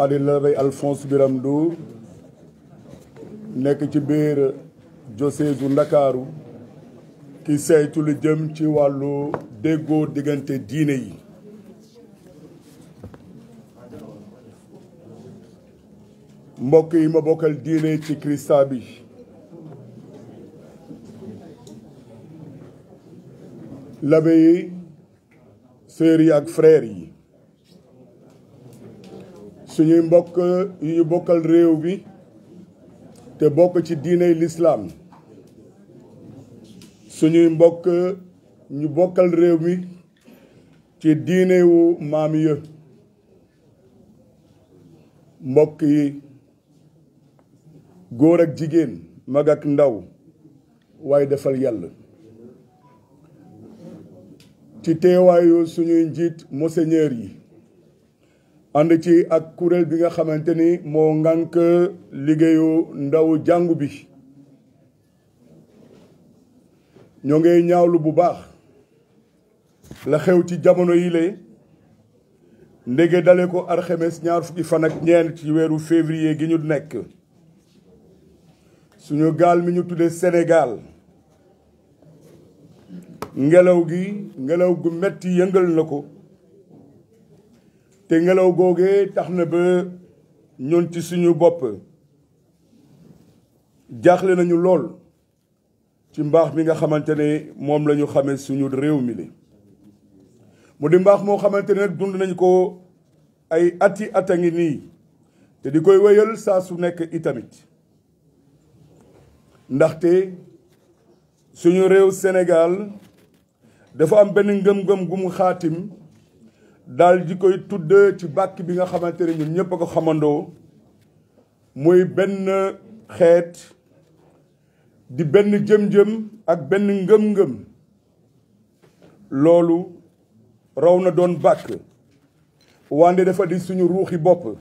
maa di Alphonse Biram Ndour nekk ci biir diocèse Ndakaaru ki saytu lu jëm ci wàllu déggoo diggante diine yi mbokk yi ma bokkal diine ci Krista bi l'abbé yi ak frères yi suñuy mbokk yu ñu bokkal réew bi te bokk ci diiney lislaam suñuy mbokk ñu bokkal réew mi ci diine maam yë mbokk yi góor ak jigéen mag ndaw waaye defal yàlla ci teewaayu suñuy njiit monseigneur yi ànd ci ak kuréel bi nga xamante ni moo ngànk liggéeyu ndaw jàngu bi ñoo ngay ñaawlu bu baax la xew ci jamono yi la ndege dale ko alxames ñaar fukki fan ak ñeent ci weeru février gi ñu nekk suñu gaal mi ñu tuddee Sénégal ngelaw gi ngelaw gu metti yëngal la ko te ngelaw googee tax na ba ñun ci suñu bopp jaaxle nañu lool ci mbaax mi nga xamante ne moom lañu ñu xamee suñu réew mi li mu di mbaax moo xamante ne dund nañ ko ay ati at a ngi nii te di koy wéyal saa su nekk itamit ndaxte suñu réew Sénégal dafa am benn ngëm-ngëm gu xaatim daal di koy tudd ci bàkk bi nga xamante ne ñun ñëpp a ko xamandoo muy benn xeet di benn jëm-jëm ak benn ngëm-ngëm loolu raw na doon bàkk wande dafa di suñu ruuxi bopp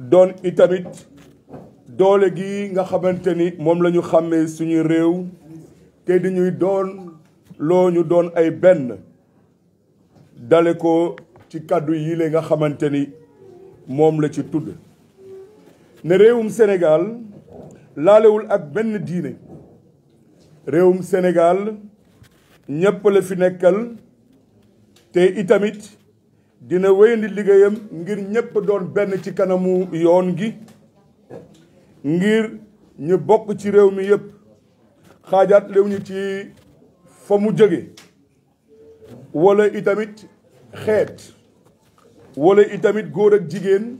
doon itamit doole gi nga xamante ni moom lañu ñu xàmmee suñu réew te di ñuy doon loo ñu doon ay benn dale ko ci kàddu yi nga xamante ni moom la ci tudd ne réewum senegaal laalewul ak benn diine réewum Sénégal ñépp la fi nekkal te itamit dina wéyandi liggéeyam ngir ñëpp doon benn ci kanamu yoon gi ngir ñu bokk ci réew mi yépp xaajaat léew ñu ci fa mu jóge wala itamit xeet wala itamit góor ak jigéen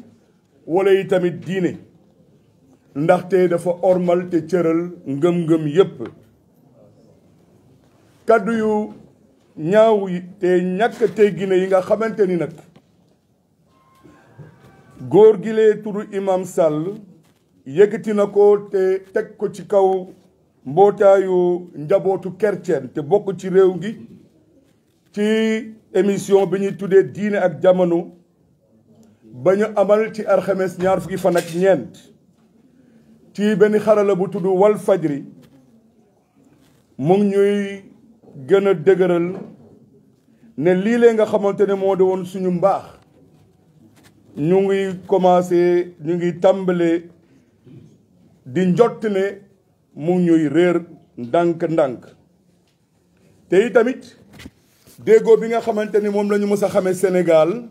wala itamit diine ndaxte dafa ormal te cëral ngëm-ngëm yépp kàddu yu ñaaw te ñàkk teggine yi nga xamante ni nag góor gi lee turu imam Sall yëkkati na ko te teg ko ci kaw mbootaayu njabootu kercen te bokk ci réew gi ci émission bi ñuy tuddee diine ak jamono ba ñu amal ci alxames ñaar fukki fan ak ñeent ci benn xarala bu tudd wal fajri mu ngi ñuy gën a dëgëral ne lii lee nga xamante ne moo di woon suñu mbaax ñu ngi commencé ñu ngi tàmbale di njott ne mu ngi ñuy réer ndànk-ndànk te itamit déggoo bi nga xamante ni moom lañu ñu mës a xamee Sénégal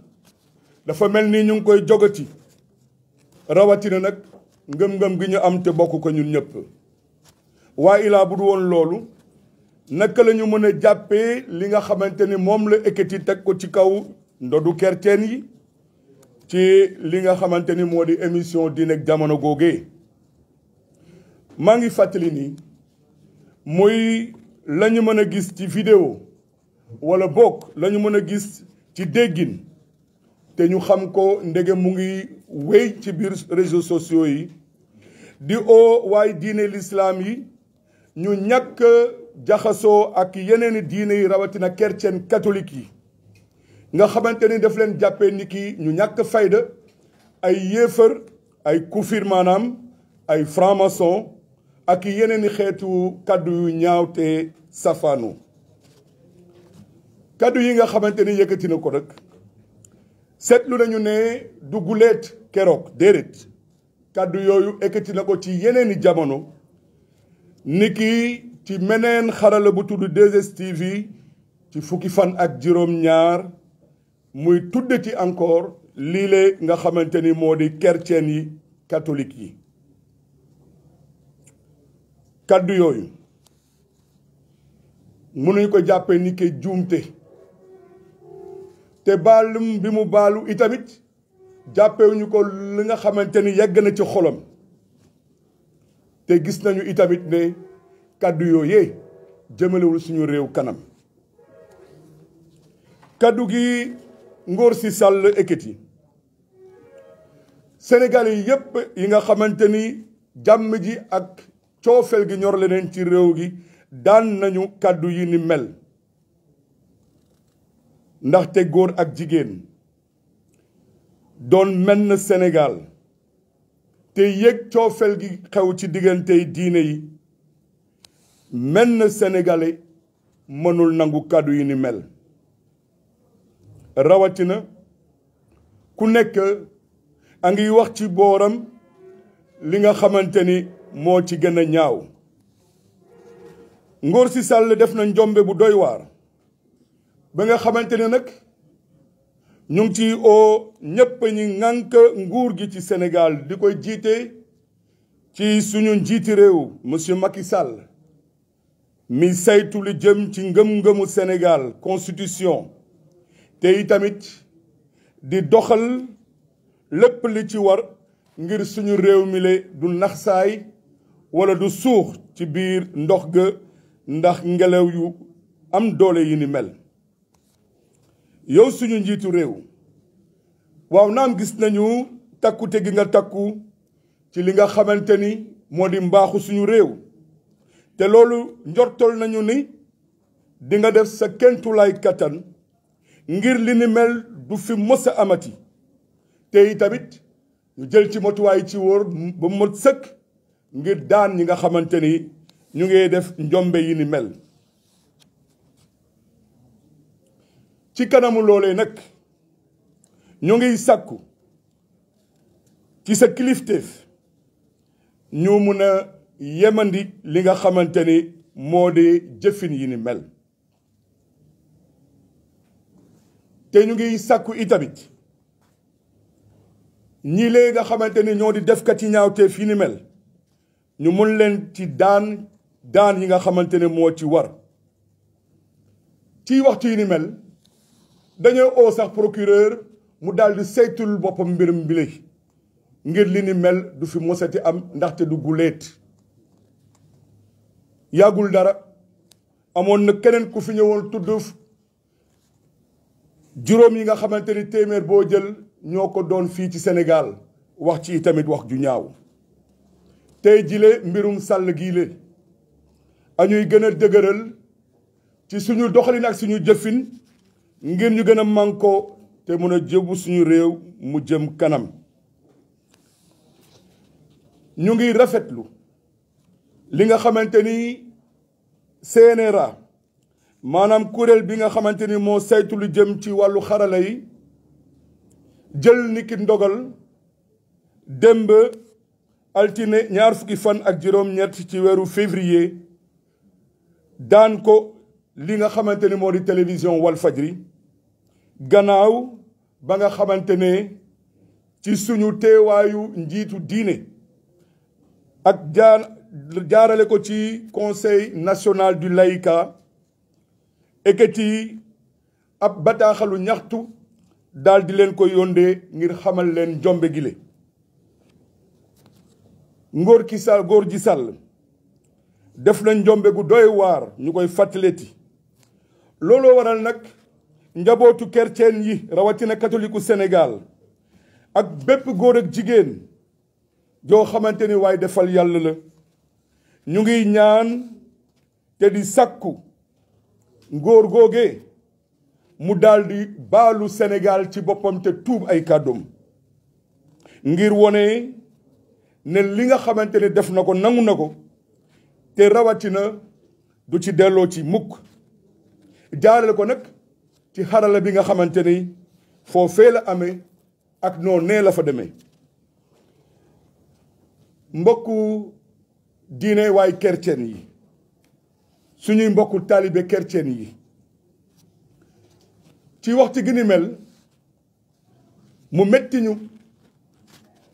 dafa mel ni ñu ngi koy jogati rawatina nag ngëm-ngëm gi ñu am te bokk ko ñun ñëpp waaye ilaa bu du woon loolu naka la ñu mën a jàppee li nga xamante ni moom la ekkati teg ko ci kaw ndodu kerteen yi ci li nga xamante ni moo di émission Diine Jamono googee maa ngi fàttali ni muy la ñu mën a gis ci vidéo wala bokk lañu mën a gis ci déggin te ñu xam ko ndege mu ngi wéy ci biir réseau sociaux yi di oo waaye diine lislaam yi ñu ñakk jaxasoo ak yeneen diine yi rawatina chrétien katolik yi nga xamante ni daf leen jàppee ni ki ñu ñàkk fayda ay yéefar ay kufir maanaam ay franc ak yeneen i xeetu kàddu yu ñaaw te safaanu kaddu yi nga xamante ni yëkkati na ko rek seetlu nañu ne du guleet keroog déedéet kàddu yooyu yëkkati na ko ci yeneeni jamono niki ci meneen xarala bu tudd 2 ci fukki fan ak juróom-ñaar muy tudde ci encore lii lée nga xamante ni moo di kertien yi catholique yi kaddu yooyu mënuñ ko jàppee ni ke juumte te baalum bi mu baalu itamit jàppewuñu ko li nga xamante ni yegg na ci xolam te gis nañu itamit ne kàddu yooyee jëmalewul suñu réew kanam kàddu gi Ngor si Sall ekkati Sénégal yi yépp yi nga xamante ni jàmm ji ak coofel gi ñor leneen ci réew gi daan nañu kàddu yi ni mel ndax ndaxte góor ak jigéen doon menn Sénégal te yëg coofel gi xew ci diggante diine yi menn sénégalais mënul nangu kàddu yi ni mel rawatina ku nekk a ngi wax ci booram li nga xamante ni moo ci gën a ñaaw Ngor si Sall def na njombe bu doy waar ba nga xamante ne nag ñu ngi ci oo ñëpp ñi ŋànk nguur gi ci Sénégal di koy jiite ci suñu njiiti réew monsieur Macky Sall mi saytu lu jëm ci ngëm-ngëmu Sénégal constitution te itamit di doxal lépp li ci war ngir suñu réew mi le du naxsaay wala du suux ci biir ndox ga ndax ngelaw yu am doole yi ni mel yow suñu njiitu réew waaw naam gis nañu takkute gi nga takku ci li nga xamante ni moo di mbaaxu suñu réew te loolu njortol nañu ni di nga def sa kentulaay kattan ngir li ni mel du fi mës a amati te tamit ñu jël ci motuwaay ci wóor ba mot sëkk ngir daan ñi nga xamante ni ñu ngi def njombe yi ni mel ci kanamu loolee nag ñu ngiy sakku ci sa kilifteef ñu mun a yemandi li nga xamante ni moo di jëfin yi ni mel te ñu ngiy sàkku itamit ñi léegi nga xamante ni ñoo di defkat yi ñaawteef yi ni mel ñu mun leen ci daan daan yi nga xamante ne moo ci war ci waxtu yi ni mel dañoo oo sax procureur mu daldi di saytul boppam mbirum bi léegi ngir li ni mel du fi mosati am ndaxte du guléet yàggul dara amoon na keneen ku fi ñëwoon tudd juróom yi nga xamante ni téeméer boo jël ñoo ko doon fii ci Sénégal wax ci tamit wax ju ñaaw tey jile mbirum sàll gii le añuy gën a ci suñu doxalin ak suñu jëfin ngir ñu gën a mànkoo te mën a jëbu suñu réew mu jëm kanam ñu ngi rafetlu li nga xamante ni CNRA maanaam kuréel bi nga xamante ni moo saytu lu jëm ci wàllu xarala yi jël niki ndogal démb altine ñaar fukki fan ak juróom-ñett ci weeru février daan ko li nga xamante ni moo di télévision Walfadjri gannaaw ba nga xamante ne ci suñu teewaayu njiitu diine ak jaarale ko ci conseil national du laïcat ekati ab bataaxalu ñaxtu daldi leen ko yóndee ngir xamal leen jombe gile ngóor ki sàll góor def nañ jombe gu doy waar ñu koy fàttaleti looloo waral nag njabootu kerceen yi rawatina katoliku Sénégal ak bépp góor ak jigéen joo xamante ni waaye defal yàlla la ñu ngi ñaan te di sakku ngóor googee mu daldi balu Sénégal ci boppam te tuub ay kàddum ngir wone ne li nga xamante ne def na ko nangu na ko te rawatina du ci delloo ci mukk jaarale ko nag ci xarala bi nga xamante ni foofee la amee ak noo nee la fa demee mbokku diine waay kercen yi suñuy mbokku taalibe kerceen yi ci waxtu gi ni mel mu metti ñu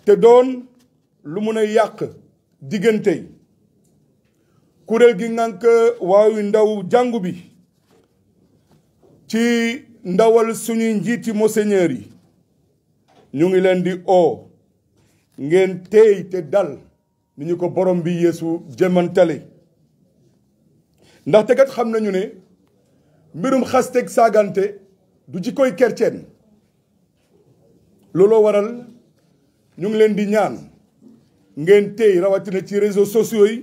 te doon lu mun a yàq diggante yi kuréel gi ngànk waayu ndaw jàngu bi ci ndawal suñuy njiiti monseigneur yi ñu ngi leen di oo ngeen teey te dal ni ñu ko borom bi yeesu jëmmantale ndaxte kat xam nañu ne mbirum xasteg saagante du jikkoy kerceen looloo waral ñu ngi leen di ñaan ngeen teey rawatina ci réseaux sociaux yi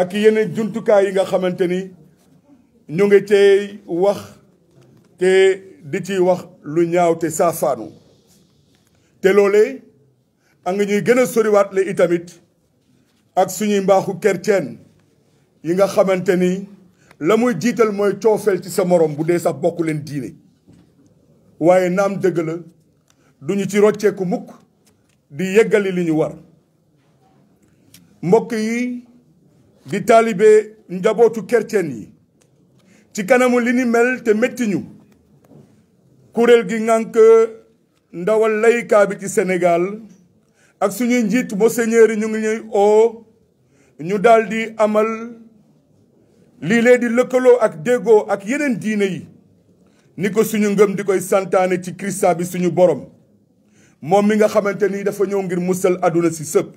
ak yeneen jumtukaay yi nga xamante ni ñu ngi tey wax te di ci wax lu ñaaw te saafaanu te loole a nga ñuy gën a soriwaat le itamit ak suñuy mbaaxu kerceen yi nga xamante ni la muy jiital mooy coofeel ci sa morom bu dee sax bokku leen diine waaye naam dëgg la duñu ci rocceeku mukk di yeggali li ñu war mbokk yi di taalibe njabootu kerceen yi ci kanamu li ni mel te métti ñu kuréel gi ngànk ndawal layka bi ci Sénégal ak suñuy njiit monseigneur yi ñu ngi ñuy oo ñu daldi amal lii di lëkkaloo ak déggoo ak yeneen diine yi ni ko suñu ngëm di koy santaane ci Kirista bi suñu borom moom mi nga xamante ni dafa ñëw ngir musal àdduna si sëpp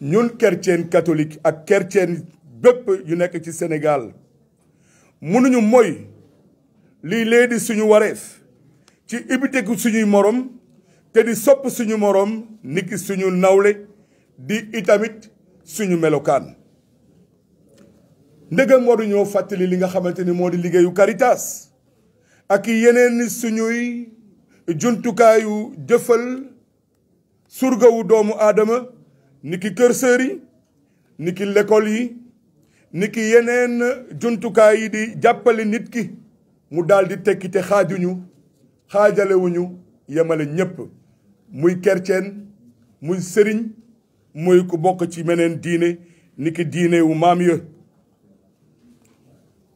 ñun chrétien catholique ak kercen bépp yu nekk ci Sénégal mënuñu moy lii lee suñu wareef ci ibiteku suñuy moroom te di sopp suñu moroom niki suñu nawle di itamit suñu melokaan ndegam waruñoo fàttali li nga xamante ni moo di liggéeyu Caritas ak yeneen ni suñuy jumtukaayu jëfal surgawu doomu aadama niki kër sër yi niki l'école yi niki yeneen jumtukaay yi di jàppale nit ki mu daldi di tekki xaajuñu xaajalewuñu yemale ñépp muy kerceen muy sëriñ muy ku bokk ci meneen diine niki diine wu maam ya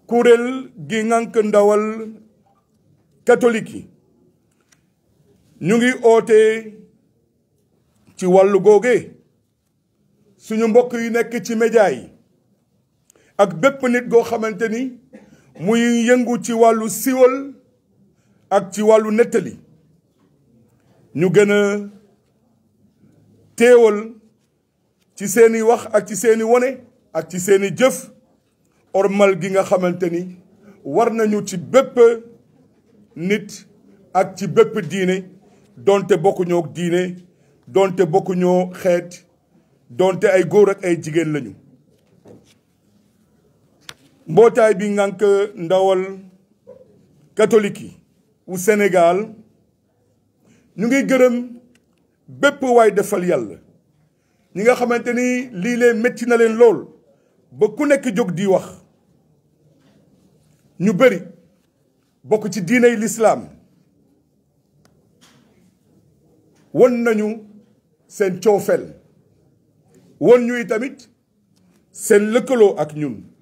kuréel gi ngànk ndawal catholique yi ñu ngi oote ci wàllu googe suñu mbokk yi nekk ci média yi ak bépp nit goo xamante ni muy yëngu ci wàllu siiwal ak ci wàllu nettali ñu gën a teewal ci seeni wax ak ci seeni wane ak ci seeni jëf ormal gi nga xamante ni war nañu ci bépp nit ak ci bépp diine donte bokkuñoo diine donte bokkuñoo xeet donte ay góor ak ay jigéen lañu mbootaay bi ngànk ndawal catholique yi wu senegaal ñu ngiy gërëm bépp waay defal yàlla ñi nga xamante ni lii leen metti na leen lool ba ku nekk jóg di wax ñu bari bokk ci diiney lislaam won nañu seen coofeel won ñuy tamit seen lëkkaloo ak ñun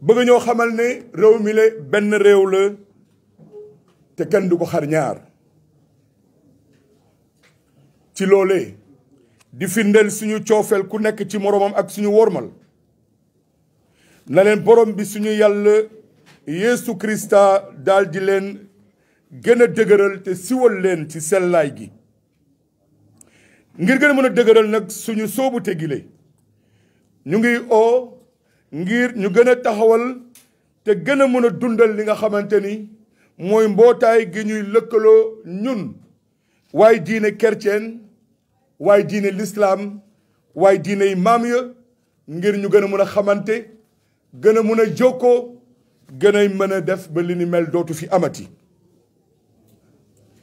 bëgg ñëw xamal ne réew mi la benn réew la te kenn du ci loolee di firndeel suñu coofeel ku nekk ci moroomam ak suñu wormal na leen borom bi suñu yàlla Yeesu Krista daal di leen gën a dëgëral te siwal leen ci sellaay gi ngir gën a mën a dëgëral nag suñu soobu tegile ñu ngi oo ngir ñu gën a taxawal te gën a mën a dundal li nga xamante ni mooy mbootaay gi ñuy lëkkaloo ñun waaye diine chrétienne waaye diine lislaam waaye diine yi maam ya ngir ñu gën a mën a xamante gën a mën a jokkoo gën a mën a def ba li ni mel dootu fi amati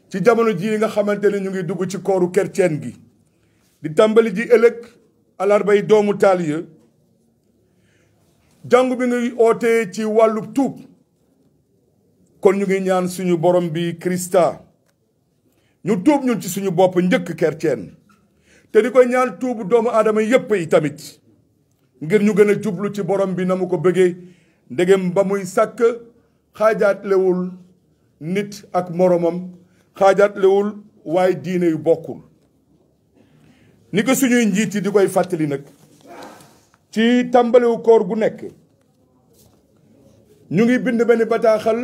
ci jamono ji nga xamante ni ñu ngi dugg ci kooru chrétien gi di tàmbali ji ëllëg alarbay doomu taaliya jàngu bi ngay ootee ci wàllub tuub kon ñu ngi ñaan suñu borom bi Krista ñu tuub ñun ci suñu bopp njëkk kerceen te di koy ñaan tuubu doomu aadama yépp yi tamit ngir ñu gën a jublu ci borom bi na mu ko bëggee ndegem ba muy sàkk xaajaatlewul nit ak moromam xaajaatlewul waaye diine yu bokkul ni ko suñu njiit yi di koy fàttali nag ci tàmbaliwu koor gu nekk ñu ngi bind benn bataaxal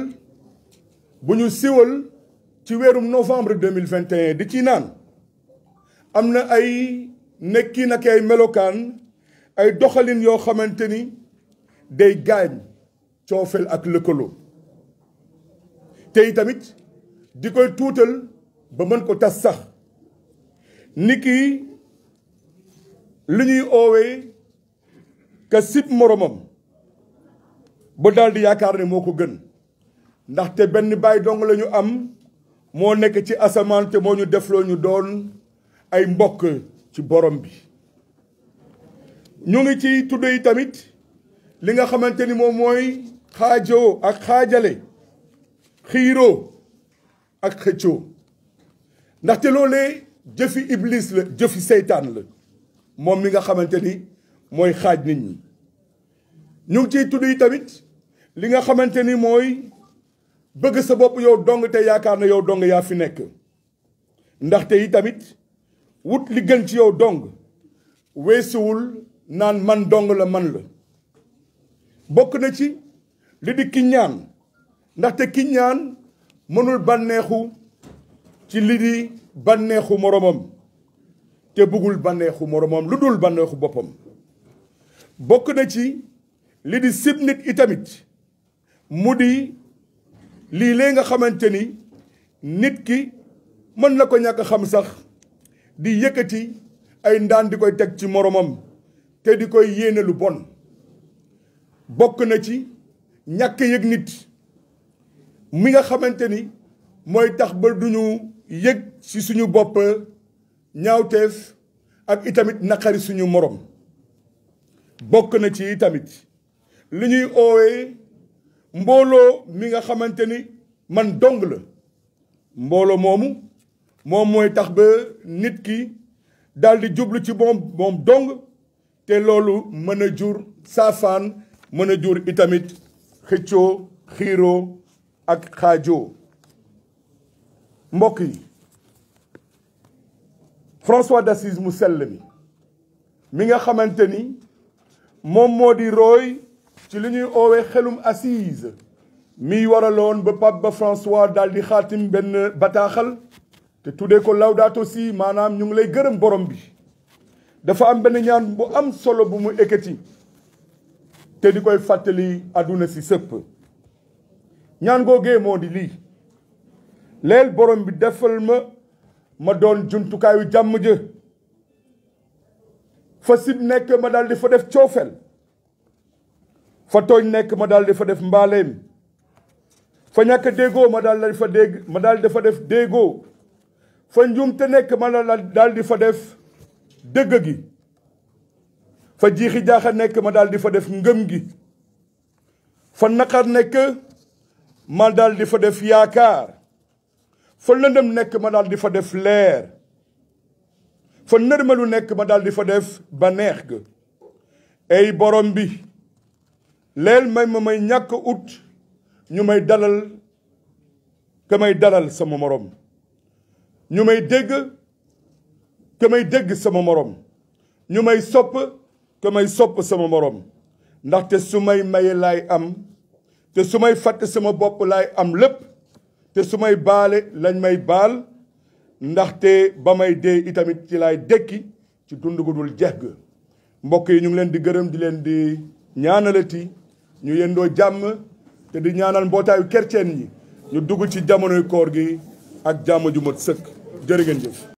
bu ñu siwal ci weerum novembre deux mille vingt di ci naan am na ay nekkin ak ay melokaan ay doxalin yoo xamante ni day gaañ coofel ak lëkkaloo tey tamit di koy tuutal ba mën ko tas sax niki li ñuy oowee ka sib moromam ba daal yaakaar ne moo ko gën ndaxte benn baay dong lañu am moo nekk ci asamaan te moo ñu defloo ñu doon ay mbokk ci borom bi ñu ngi ci tudd tamit li nga xamante ni moom mooy xaajoo ak xaajale xiiroo ak xëccoo ndaxte loolee jëfi iblis la jëfi seytaan la moom mi nga xamante ni mooy xaaj nit ñi ñu ngi ciy tudd yi tamit li nga xamante ni mooy bëgg sa bopp yow dong te yaakaar na yow dong yaa fi nekk ndaxte yi tamit wut li gën ci yow dong weesuwul naan man dong la man la bokk na ci li di ki ñaan ndaxte ki ñaan mënul banneexu ci li banneexu bànneexu moroomam te bëggul bànneexu moroomam lu dul bànneexu boppam bokk na ci li di sib nit itamit mu di lii léeg nga xamante ni nit ki mën na ko ñàkk xam sax di yëkkati ay ndaan di koy teg ci moromam te di koy yéene lu bon bokk na ci ñàkk yëg nit mi nga xamante ni mooy tax ba ñu yëg ci suñu bopp ñaawteef ak itamit naqari suñu morom bokk na ci tamit li ñuy oowee mbooloo mi nga xamante ni man dong la mbooloo moomu moom mooy tax ba nit ki daal di jublu ci moom moom dong te loolu mën a jur saafaan mën a jur itamit xëccoo xiiroo ak xaajoo mbokk yi François d'Assise mu sell mi mi nga xamante ni moom moo di roy ci li ñuy oowee xelum assise miy waraloon ba pape ba François daal di xaatim benn bataaxal te tuddee ko Laudato si maanaam ñu ngi lay gërëm borom bi dafa am benn ñaan bu am solo bu mu ekkati te di koy fàttali àdduna si sëpp ñaan googee moo di lii leel borom bi defal ma ma doon jumtukaayu jàmm jë fa sib nekk ma daal di fa def coofel fa tooñ nekk ma daal di fa def mbaaleem fa ñàkk déggoo ma daal di fa dégg ma daal di fa def déggoo fa njuumte nekk ma daal di fa def dëgg gi fa jiixi jaaxa nekk ma daal di fa def ngëm gi fa naqar nekk ma daal di fa def yaakaar fa lëndëm nekk ma daal di fa def leer fa lu nekk ma daal di fa def ba neex ga ay borom bi leel may ma may ñàkk ut ñu may dalal ka may dalal sama morom ñu may dégg ka may dégg sama morom ñu may sopp ka may sopp sama morom ndaxte su may maye lay am te su may fatt sama bopp laay am lépp te su may baale lañ may baal ndaxte ba may dee itamit ci lay dëkki ci dund gu dul jeex ga mbokk yi ñu ngi leen di gërëm di leen di ñaanalati ñu yendoo jàmm te di ñaanal mbootaayu kerceen ñi ñu dugg ci jamonoy koor gi ak jàmm ju mat sëkk jërë ngeen jëf